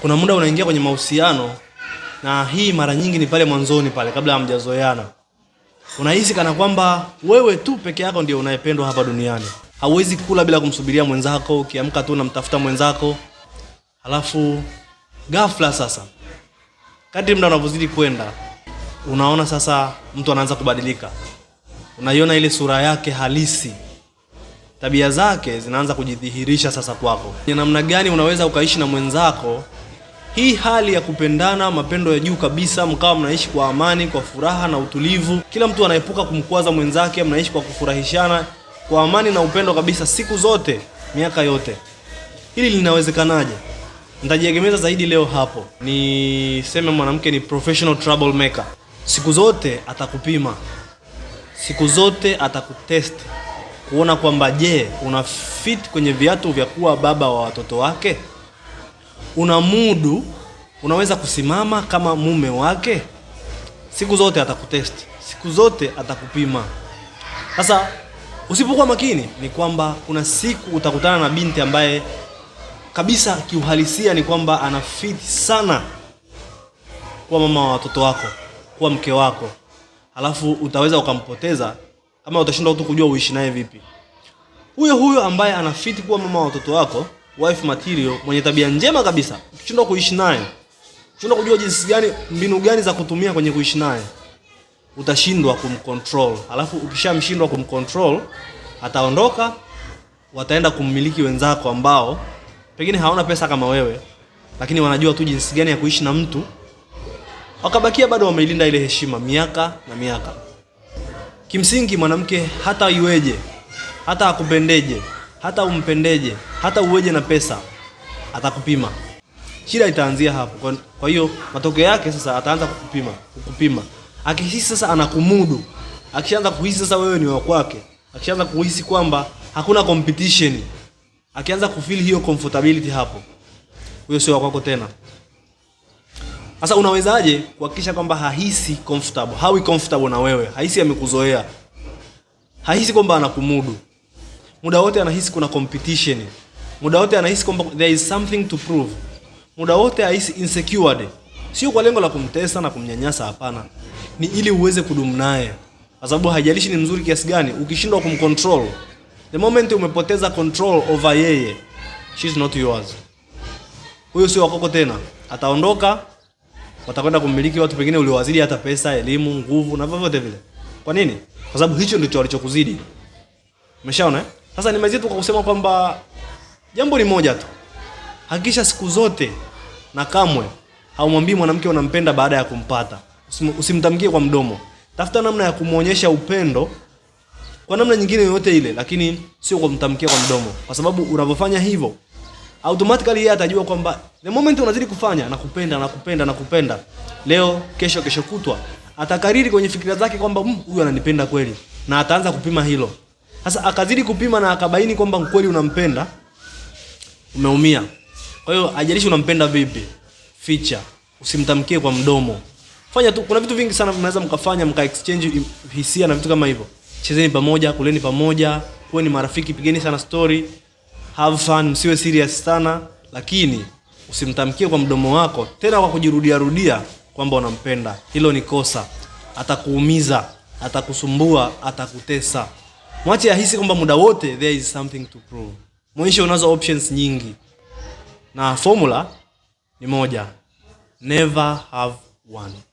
kuna muda unaingia kwenye mahusiano, na hii mara nyingi ni pale mwanzoni pale, kabla hamjazoeana, unahisi kana kwamba wewe tu peke yako ndio unayependwa hapa duniani. Hauwezi kula bila kumsubiria mwenzako, ukiamka tu unamtafuta mwenzako. Halafu ghafla sasa, kadri mda unavyozidi kwenda, unaona sasa mtu anaanza kubadilika, unaiona ile sura yake halisi tabia zake zinaanza kujidhihirisha sasa kwako. Ni namna gani unaweza ukaishi na mwenzako hii hali ya kupendana, mapendo ya juu kabisa, mkawa mnaishi kwa amani, kwa furaha na utulivu, kila mtu anaepuka kumkwaza mwenzake, mnaishi kwa kufurahishana kwa amani na upendo kabisa, siku zote, miaka yote. Hili linawezekanaje? Nitajiegemeza zaidi leo hapo. Niseme mwanamke ni professional trouble maker. Siku zote atakupima, siku zote atakutest kuona kwamba je, una fit kwenye viatu vya kuwa baba wa watoto wake una mudu unaweza kusimama kama mume wake. Siku zote atakutest, siku zote atakupima. Sasa usipokuwa makini, ni kwamba kuna siku utakutana na binti ambaye kabisa kiuhalisia ni kwamba anafiti sana kuwa mama wa watoto wako, kuwa mke wako, alafu utaweza ukampoteza kama utashindwa tu kujua uishi naye vipi. Huyo huyo ambaye anafiti kuwa mama wa watoto wako wife material mwenye tabia njema kabisa, ukishindwa kuishi naye, ukishindwa kujua jinsi gani, mbinu gani za kutumia kwenye kuishi naye, utashindwa kumcontrol. Alafu ukishamshindwa kumcontrol, ataondoka, wataenda kummiliki wenzako ambao pengine hawana pesa kama wewe, lakini wanajua tu jinsi gani ya kuishi na mtu, wakabakia bado wameilinda ile heshima miaka na miaka. Kimsingi mwanamke hata iweje, hata akupendeje hata umpendeje, hata uweje na pesa, atakupima. Shida itaanzia hapo. Kwa hiyo matokeo yake sasa ataanza kukupima, kukupima. Akihisi sasa anakumudu, akishaanza kuhisi sasa wewe ni wa kwake, akishaanza kuhisi kwamba hakuna competition, akianza kufeel hiyo comfortability, hapo huyo sio wa kwako tena. Sasa unawezaje kuhakikisha kwamba hahisi comfortable, hawi comfortable na wewe, hahisi amekuzoea, hahisi kwamba anakumudu muda wote anahisi kuna competition, muda wote anahisi kwamba there is something to prove, muda wote ahisi insecure. Sio kwa lengo la kumtesa na kumnyanyasa, hapana, ni ili uweze kudumu naye, kwa sababu haijalishi ni mzuri kiasi gani, ukishindwa kumcontrol, the moment umepoteza control over yeye, she is not yours. Huyo sio wako tena, ataondoka, watakwenda kumiliki watu pengine uliowazidi hata pesa, elimu, nguvu na vyovyote vile. Kwa nini? Kwa sababu hicho ndicho alichokuzidi. Umeshaona eh? Sasa nimalizie tu kwa kusema kwamba jambo ni moja tu, hakikisha siku zote na kamwe haumwambii mwanamke unampenda baada ya kumpata. usimtamkie kwa mdomo, tafuta namna ya kumwonyesha upendo kwa namna nyingine yoyote ile, lakini sio kwa kumtamkia kwa mdomo, kwa sababu unavyofanya hivyo automatically yeye atajua kwamba the moment unazidi kufanya na na kupenda kupenda na kupenda, leo kesho, kesho kutwa, atakariri kwenye fikira zake kwamba mm, huyu ananipenda kweli, na ataanza kupima hilo. Sasa akazidi kupima na akabaini kwamba mkweli unampenda, umeumia. Kwa hiyo ajalishi unampenda vipi, ficha, usimtamkie kwa mdomo. Fanya tu, kuna vitu vingi sana mnaweza mkafanya, mka exchange hisia na vitu kama hivyo. Chezeni pamoja, kuleni pamoja, kuwe ni marafiki, pigeni sana story, have fun, msiwe serious sana, lakini usimtamkie kwa mdomo wako tena kwa kujirudia rudia kwamba unampenda. Hilo ni kosa, atakuumiza, atakusumbua, atakutesa. Mwache ahisi kwamba muda wote there is something to prove. Mwisho unazo options nyingi na formula ni moja, never have one.